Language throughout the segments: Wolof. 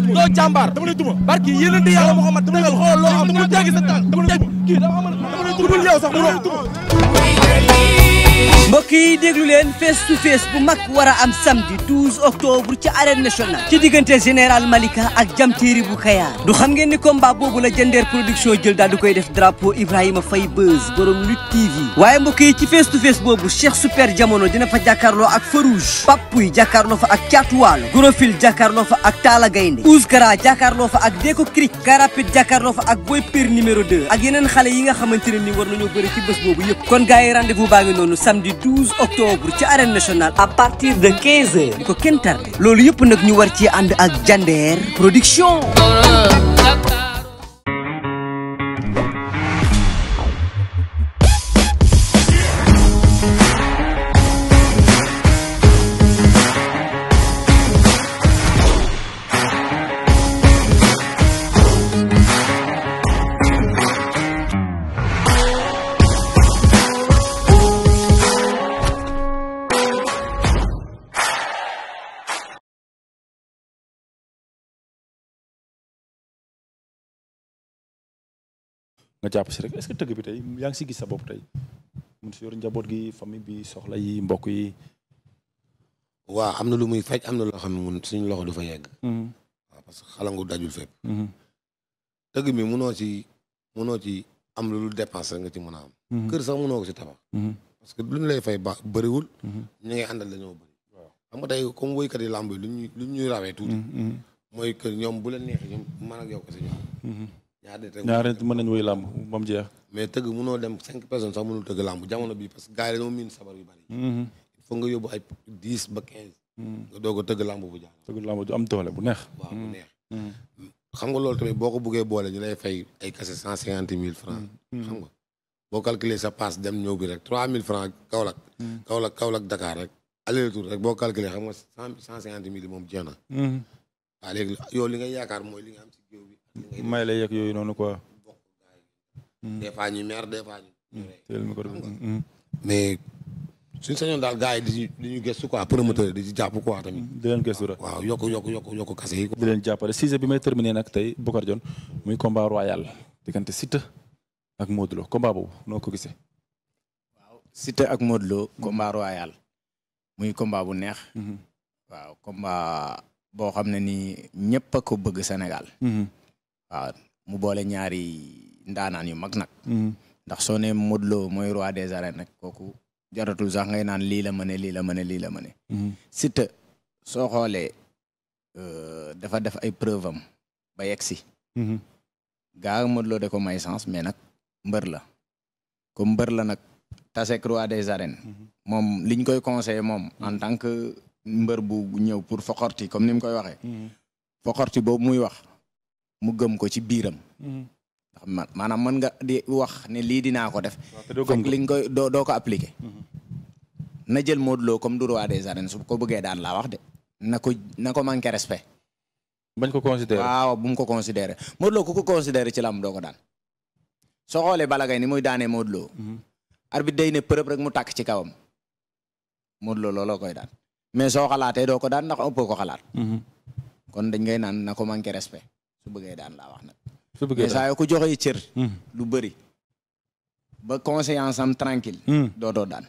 doo jàmbaar barki yéen a di yàlla Muhammad xool loo am lu jéggi sa tànk kii dafa amal ku dul yow sax mënoo yi déglu leen face to face bu mag war a am samedi 12 octobre ci arène nationale ci diggante général Malika ak jamtéeri bu Kayaar du xam ngeen ni combat boobu la jëndeer production jël daal di koy def drapeau Ibrahima Faye Beuz borom Lutte TV waaye mbokk yi ci fees tu face boobu Cheikh Super Jamono dina fa jàkkaarloo ak Farouche Papuy jàkkaarloo fa ak Caatuwaalo Gorofil jàkkaarloo fa ak Taala Gaynde Ouskara fa ak Deko Cric Karapit jàkkaarloo fa ak Boy Pire numéro 2 ak yeneen xale yi nga xamante ni war nañoo bëri ci bés boobu yëpp kon gars yi rendez-vous baa ngi noonu samedi 12 octobre ci arène nationale à partir de 15 heures ko kenn loolu yëpp nag ñu war ci ànd ak Jandeer production nga jàpp si rek est-ce que tëgg bi tey yaa ngi si gis sa bopp tey mun si yor njaboot gi famille bi soxla yi mbokk yi. waaw am na lu muy faj am na loo xam ne mun suñ loxo du fa yegg. Mhm. waaw parce que xalangu dajul fépp. Mhm. tëgg bi munoo ci munoo ci am lu lu dépense nga ci mën a am. Mhm. kër sax munoo ko ci tabax. parce que lu ñu lay fay baax bëriwul. ñu ngay àndal dañoo bëri. waaw xam nga tey comme woykat yi làmb yi lu ñuy ñuy rawee tuuti. mooy kër ñoom bu la neexee ñoom man a yow kese ñoom. ñaari nit rek ñaari nit mën nañu woy làmb ba jeex. mais tëgg mënoo dem cinq personnes sax mënul tëgg làmb jamono bi parce que gars yi dañoo miin sabar yu bari. Mhm. il nga yóbbu ay dix ba quinze. Mhm. nga doog a tëgg làmb bu jaar. tëgg làmb du am mhm. loolu tamit boo ko buggee boole ñu lay fay ay kase cent cinquante mille francs. xam nga boo sa passe dem ñëw bi rek mille francs Kaolack. Kaolack Kaolack Dakar rek. aller retour boo calculer xam nga cent cent cinquante mille moom jeex na. waaw léegi yow li nga yaakaar mooy li nga am si géew may la yeeg yooyu noonu quoi. des hmm. fois ñu mer des fois ñu. Hmm. Hmm. mais suñu sañoon daal gars yi di ñu gëstu quoi promoteur yi di ci jàpp quoi tamit. di leen gëstu rek yokk yokk yokk yokk kase yi. leen jàppale sixième bi may terminé nag tey Bokar Dione muy combat royal diggante Siteu ak Modou Lo combat ko gisee. waaw Siteu ak Modou Lo. combat royal. muy combat bu neex. waaw combat boo xam ne nii ñëpp ko bëgg Sénégal. waaw mu boole ñaari ndaanaan yu mag nag. Mm-hmm. ndax soo nee Modou Lo mooy roi des arènes nag kooku jaratul sax ngay naan lii la mëne lii la mëne lii la mëne. Mm-hmm. Siteu soo xoolee euh, dafa def ay preuve am ba yegg si. Mm-hmm. gaa Modou Lo de ko may sens mais nag mbër la comme mbër la nag tasek roi des arènes. moom liñ koy conseillé moom en tant que mbër bu ñëw pour foxorti comme ni mu koy waxee. foxorti boobu muy wax. mu gëm ko ci biiram. Mm-hmm. ndax man maanaam mën nga di wax ne lii dinaa ko def. fekk li koy doo doo ko appliqué. Mm-hmm. na jël Modou Lo comme du roi des arènes su ko bëggee daan la wax de. na ko na ko manqué respect. bañ ko considéré waaw bu ko considéré Modou Lo ku ko considéré ci lam doo ko daan. soo xoolee Balla ni muy daanee Modou Lo. Mm-hmm. arbitre day ne përëb rek mu tàkk ci kawam. Modou Lo looloo koy daan mais soo xalaatee doo ko daan ndax ëpp ko xalaat. kon dañ ngay naan na ko manqué respect. su bëggee daan laa wax nag. su bëggee daan saa ko joxee cër. Hmm. lu bëri ba conscience am tranquille hmm. dootoo daan.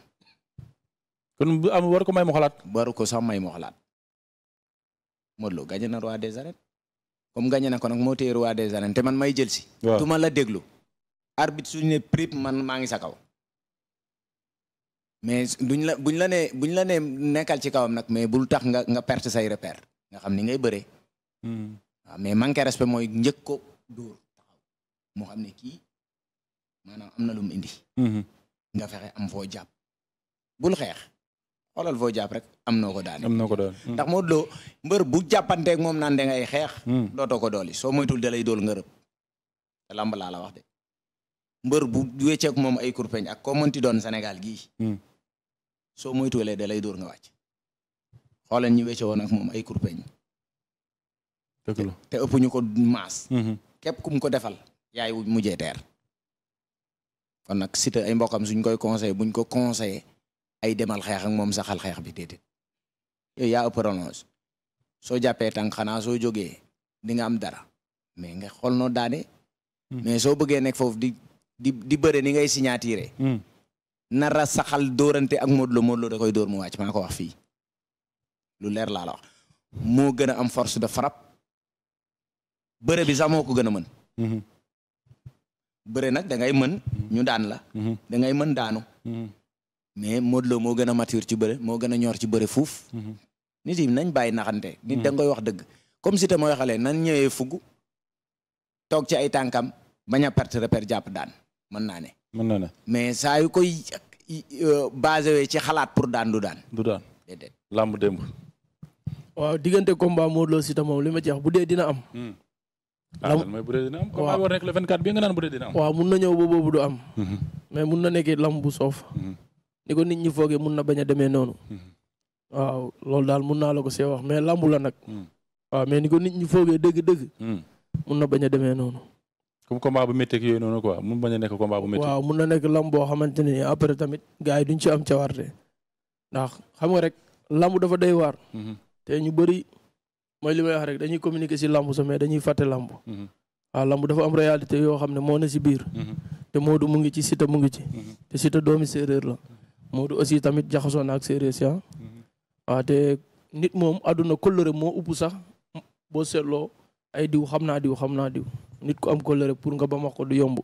kon am war ko may mu xalaat. ko sax may mu xalaat. Modou Lo gagné na roi des arènes comme gagné na ko nag moo téye des arènes te man may jël si. waaw la déglu. arbitre suñ ne prip man maa ngi sa kaw. mais duñ la buñ la nee buñ la nee nekkal ci kawam nag mais bul tax nga nga perte say repère nga xam ni ngay bëree. Hmm. waaw mais manqué respect mooy njëkk ko dóor taxaw moo xam ne kii maanaam am na lu mu indi mm-hmm. nga fexe am foo jàpp bul xeex xoolal foo jàpp rek am noo ko daan am noo ko daane mm. ndax moo doo mbër bu jàppanteeg moom naan da ngay xeex mm. dootoo ko dooli soo moytul da lay dool nga rëb te lamb laa la wax de mbër bu wecceek moom ay kurpeñ ak koo mënti doon Sénégal gii mm. soo moytuwulee da lay door nga wàcc xoolal ñu wecce woon ak moom ay kurpeñ dëgg la te ëpp ko maas. Mhm. képp kum ko defal yaay mujjee teer. kon nag Siteu ay mbokkam suñ koy conseillé buñ ko conseillé ay demal xeex ak moom saxal xeex bi te yooyu yaa ëpp relance soo jàppee tànk xanaa soo jógee di am dara mais nga xool noo daane. Mhm. mais soo bëggee nekk foofu di di di bëre ni ngay signatiré. Mhm. nara saxal dóorante ak Modou Lo Modou Lo da koy dóor mu wàcc maa ko wax fii lu leer laa la wax am force de frappe. bëre bi sax moo ko gën mën mhm. bëre nag da ngay mën ñu daan la mhm. da ngay mën daanu mhm. mais Modou loo moo gën a mature ci bëre moo gën a ñor ci bëre fuuf nit yi nañ bàyyi naxante nit danga koy wax dëgg comme si te mooy xale nan ñëwee fug toog ci ay tànkam bañ a perte jàpp daan mën naa ne mën naa ne mais saa yu koy euh, basé wee ci xalaat pour daan du daan du lamb démb waaw diggante combat Modou Lo Siteu moom li ma ci bu dee dina am hmm. Ah, am comme war rek le 24 bi nga naan bu waaw mun na ñëw ba boobu du am. Mhm. mais mun na nekkee lamb bu soof. Mhm. ni ko nit ñi foogee mun na bañ a demee noonu. Mhm. waaw loolu daal mun naa la ko see wax mais lambu la nag. mais ni ko nit ñi foogee dëgg-dëgg. mun na bañ demee noonu. comme combat bu métti ak yooyu noonu quoi mun bañ nekk combat bu métti. waaw mun na nekk lamb boo xamante ne après tamit gars yi duñ ci am cawarte ndax xam nga rek lamb dafa doy waar. te ñu bëri. mooy li may wax rek dañuy communiquer si lamb sax mais dañuy fàtte lamb mhm. waaw lamb dafa am réalité yoo xam ne moo ne si biir mhm. te Modou mu ngi ci Siteu mu ngi ci mhm. te Siteu doomi séeréer la Modou aussi tamit jaxasoo na ak séeréer si ah. waaw te nit moom àdduna kóllëre moo upp sax boo seetloo ay diw xam naa diw xam naa diw nit ku am kóllëre pour nga ba ko du yomb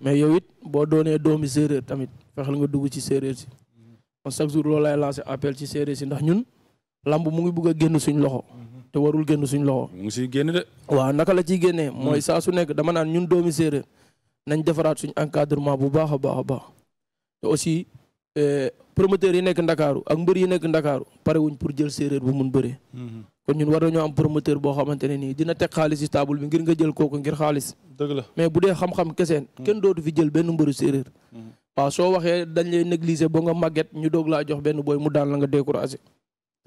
mais yow it boo doonee doomi séeréer tamit fexeel nga dugg ci séeréer si kon chaque jour loolu lay lancé appel ci séeréer si ndax ñun lamb mu ngi bugg a génn suñ loxo te warul génn suñ loxo. mu ngi siy génn de. waaw naka la ciy génnee. Mm. mooy saa su nekk dama naan ñun doomi séeréer nañ defaraat suñ encadrement bu baax a baax a baax te aussi eh, promoteurs yi nekk ndakaaru ak mbër yi nekk ndakaaru pare wuñ pour jël séréer bu mun bëree. Mm-hmm. kon ñun war ñoo am promoteur boo xamante ne nii dina teg xaalis ci table bi ngir nga jël kooku ngir xaalis. dëgg mais bu dee xam-xam keseen. Mm. kenn dootu fi jël benn mbëru séeréer. Mm. waaw soo waxee dañ lay négliger ba nga màgget ñu doog laa jox benn booy mu daan la nga découragé.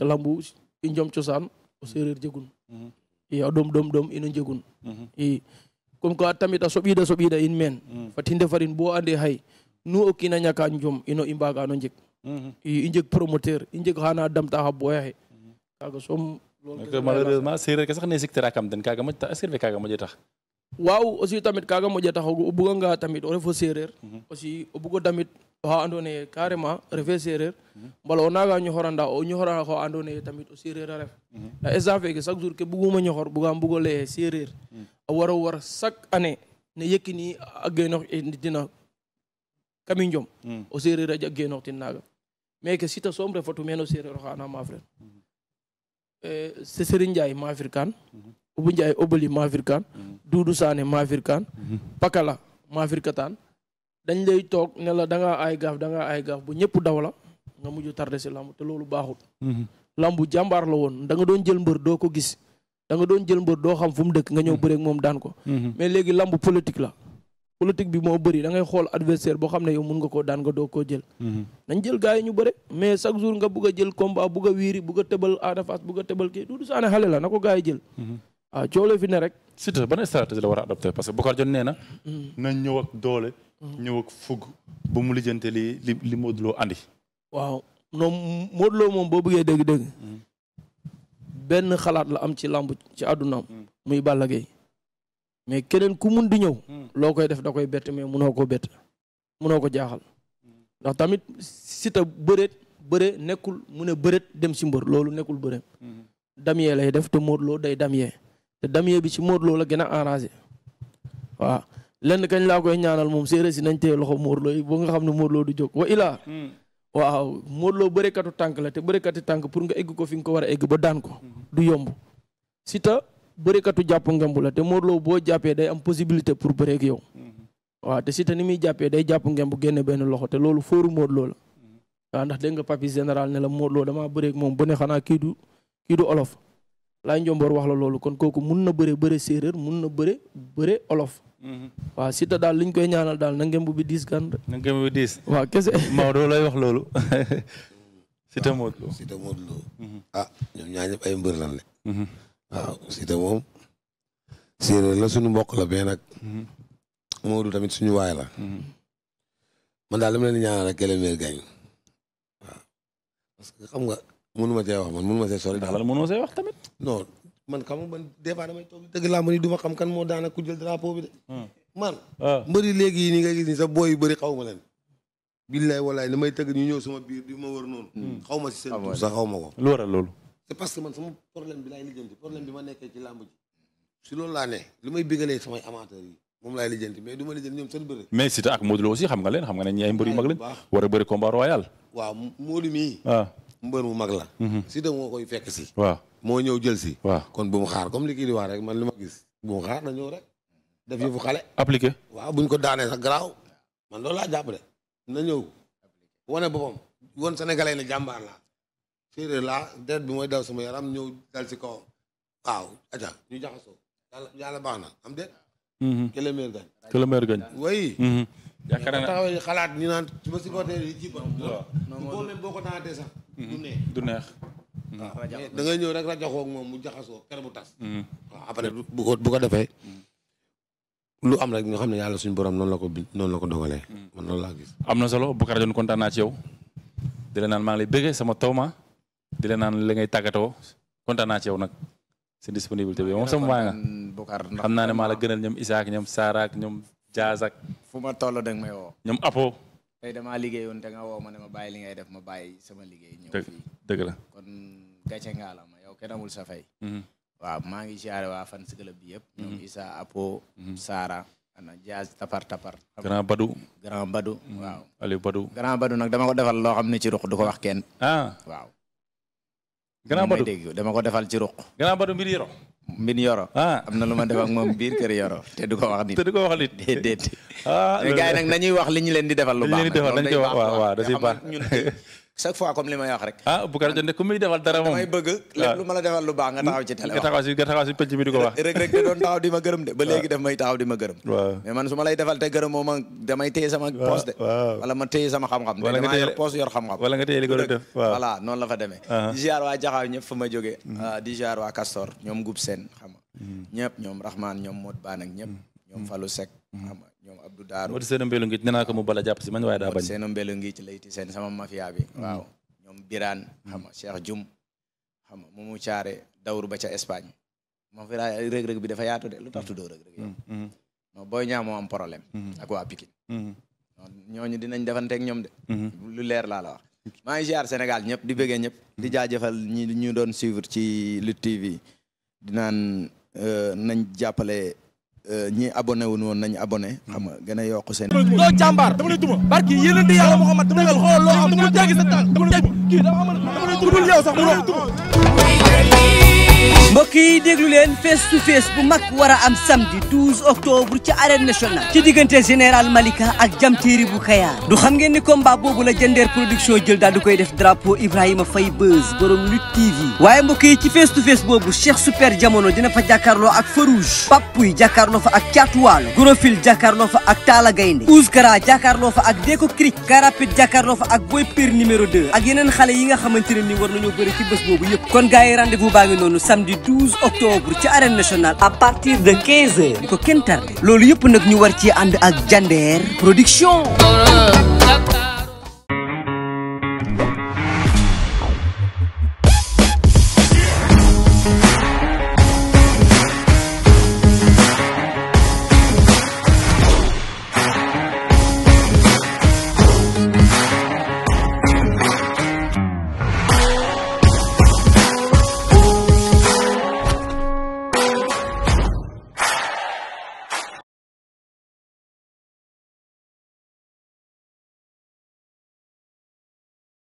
lambu i njom cosaan o sereer jegun mhm. i a ɗom ɗom ino jegun mhm. i comme tamit a soɓiida soɓiida in meen mhm. fat i ndefarin bo ande hay nu o kiina ñaka jom i mbaagano njeg i i promoteur i njeg xaana damta xa boya xe kaaga soom ke sax ne siktera kam den kaaga moƴta tax waaw aussi tamit kaaga moƴa tax o buganga tamit o refo sereer aussi o bugo damit oxa andoona yee carrément refee seereer mbala o nanga ñoxora ndaa o ñoxora oxa andoona yee tamit o seereer a ref ndaa instant chaque jour ke buguma ñoxor bugaam bug o lay a war war chaque année ne yekini a genoox tina e kami njom hmm. o seereer a genoox tin naaga mais ke sita soom refatu meen o seereer ana maaf ren se Serigne Ndiaye maafir kaan hmm. Obu Ndiaye Obali maafir kaan hmm. Pakala maafir dañ lay toog ne la da ngaa ay gaaf da ngaa ay gaaf bu ñëpp daw la nga mujj tardé si lamb te loolu baaxul. Mhm. lamb jàmbaar la woon da nga doon jël mbër doo ko gis da nga doon jël mbër doo xam fu mu dëkk nga ñëw mhm. bëreeg daan ko. Mhm. mais léegi lamb politique la. politique bi moo bëri da ngay xool boo xam ne yow mun nga koo daan nga doo koo jël. nañ chaque jour nga bugg a jël combat bugg a wiiri bugg tëbal Ada Fass bugg a tëbal kii Doudou xale la na ko gars yi jël. waaw ah, coow la fi ne rek. surtout ban stratégie la war a adopté parce que Boucar Dione nee na. nañ ñëw doole. Mm-hmm. ñëw ak fugg ba mu lijjante li li li Modou waaw non Modou moom boo bëggee dégg-dégg. Mm-hmm. benn xalaat la am ci làmb ci àddunaam. Mm-hmm. muy Balla Gaye mais keneen ku mun di ñëw. loo koy def da koy bett mais munoo ko bett munoo ko jaaxal. ndax tamit Siteu bëreet bëre nekkul mu ne bëreet dem si mbër loolu nekkul bëreem. damier lay def te Modou day damier te damier bi ci Modou la gën a arrangé waaw. lenn kañ laa koy ñaanal moom séeréer si nañ tee loxo Modou Lo nga xam ne moorloo du jóg wa ilaa hmm. waaw Modou Lo bërekatu tànk la te bërekati tànk pour nga egg ko fi nga ko war a egg ba daan ko hmm. du yomb Siteu bërekatu jàpp ngemb la te Modou boo jàppee day am possibilité pour bëreek yow hmm. waaw te Siteu ni muy jàppee day jàpp ngemb génne benn loxo te loolu fooru Modou Lo la waaw ndax dégg nga papi général ne la Modou Lo bëreek moom bu ne xanaa kii du kii du njomboor wax la loolu kon kooku mun na bëre bëre séeréer mun na bëre bëre olof waaw Siteu daal li koy ñaanal daal na ngemb bi diis gan. na ngemb bi diis. waaw kese Maodo lay wax loolu. Ah, Siteu Modou Lo mhm. ah, ay mbër lan la. Mhm. waaw Siteu moom. séeréer la suñu mbokk la bee nag. Mhm. Modou tamit suñu waay la. man daal li ma leen ñaanal rek kële gañ. waaw parce xam nga mënu ma cee wax man mënu ma cee sori. ndax see wax tamit. man xam nga man des fois damay toog dëgg laa ma ni ma xam kan moo daana ku jël drapeau bi de. Hmm. man. Ah. mbëri léegi yi ni nga gis ni sa booy yu bëri xaw ma leen. billaay walaay li may tëgg ñu ñëw sama biir di ma war noonu. Hmm. xaw ma si seen ah, tur sax xaw ma ko. lu waral loolu. c'est parce que man sama problème bi laay lijjanti problème bi ma nekkee ci làmb si loolu laa ne li may bégalee samay amateurs yi moom laay lijjanti mais du ma lijjanti ñoom seen bëri. mais Siteu ak Modou Lo leen xam nga ne ñi ay mbër yu mag leen. war a bëri combat royal. waaw mbër mu mag la mhm. Siteu moo koy fekk si ñëw jël si kon bu mu xaar comme li kii di wax rek man li ma gis bu mu xaar na ñëw rek def yëfu xale appliqué waaw buñ ko daanee sax garaaw man loolu laa jàpp de na ñëw wane boppam woon sénégalais jàmbaar laa séeréer deret bi mooy daw sama yaram ñëw dal si kawam waaw aca ñu jaxasoo yàlla yàlla baax na am déet mhm. que le meilleur gagne que yaakaar naa taxawee xalaat ñu naan su ma supporter yi ci ba boo même boo mm-hmm. du neex du ah, mm-hmm. ñëw rek rajaxoo moom mu jaxasoo kere mm-hmm. bu tas waaw ko defee lu am rek nga xam ne yàlla suñu borom noonu la ko bi la ko dogalee man noonu laa am na solo Boucar Dione kontaan yow di la naan maa ngi lay bëggee sama taw ma di la naan li ngay tàggatoo kontaan naa ci yow nag seen disponibilité bi moom sama waa xam naa ne maa la gënal ñoom Isaac ñoom Sara ñoom Diaz ak. fu ma toll da may woo. ñoom Apo. tey damaa liggéeyoon da nga woo ma ne ma bàyyi li ngay def ma bàyyi sama liggéey. ñëw fii dëgg la kon gàcce ngaa la ma yow kenn amul sa fay. Mm-hmm. waaw maa ngi siyaare waa fan si club bi yëpp. Mm-hmm. ñoom Issa Apo. Mm-hmm. Sara. ana Diaz tapar tapar. grand Badou. grand Badou. waaw Aliou Badou. grand nag dama ko defal loo xam ne ci ruq du ko wax kenn. ah waaw. grand Badou dama ko defal ci ruq. grand mbin yoro ah am na lu ma def ak moom biir kër yoro te ko wax nit te ko wax nit déedéet ah gars nañuy wax li ñu leen di defal lu baax li ñu wax waaw waaw da ciy baax ñun chaque fois comme li may wax rek. ah Boucar Dionne ku muy defal dara moom damay ah. ma la defal lu baax nga taxaw ci télé nga taxaw si nga ko wax. rek rek da doon taxaw di gërëm de. ba léegi daf may taxaw di gërëm. waaw man su lay defal te gërëm moo ma damay sama poos de. wala ma téye sama xam-xam. wala nga téye yor poos yor xam-xam. wala nga téye li ko doon def waaw voilà noonu la fa demee. Ah. ñëpp fa ma jógee. Mm. Ah, di ziar waa Castor ñoom Gub Sène xam nga. Mm. ñëpp ñoom Rahman ñoom Modou Bane ak ñëpp mm. ñoom Fallou Seck xam ñoom Abdou Daaru Modou Seen Mbelu ngi nee naa ko mu bala jàpp si man waaye daa bañ Seen Mbelu ngi ci layti seen sama mafia bi mm-hmm. waaw ñoom Birane xam nga Jum xam nga dawru ba Espagne mafia rëg-rëg bi dafa yaatu de lu tax tuddoo rëg-rëg yow mm-hmm. non problème mm-hmm. ak waa Pikine ñooñu dinañ defanteeg ñoom de lu leer laa la wax maa ngi ziar Sénégal ñëpp di bëggee ñëpp di jaajëfal ñi ñu doon suivre ci TV di euh, nañ jàppale ñi abonné wuñu woon nañu abonné xam nga gën a yokk seen. doo jàmbaar dama lay duma. barki yéen di yàlla Muhammad dama lay xool loo am bu mbokk yi déglu leen face to bu mag war a am samedi 12 octobre ci arène nationale ci diggante général Malika ak jamtéeri bu Kayaar du xam ngeen ni combat boobu la jëndeer production jël daal du koy def drapeau Ibrahima Faye Beuz borom Lutte TV waaye mbokk yi ci face to face boobu Cheikh Super Jamono dina fa jàkkaarloo ak Farouge Papuy jàkkaarloo fa ak Caatuwaalo Grofil jàkkaarloo fa ak Taala Gaynde Ouskara jàkkaarloo fa ak Deko Krik Karapit jàkkaarloo fa ak Boy Pire numéro ak yeneen xale yi nga xamante ne ni war nañoo bëri ci bés boobu yëpp kon gars yi rendez-vous baa noonu samedi 12 octobre ci arène nationale à partir de quinze heures di ko kenn tardé loolu yëpp nag ñu war ci ànd ak Jandeer production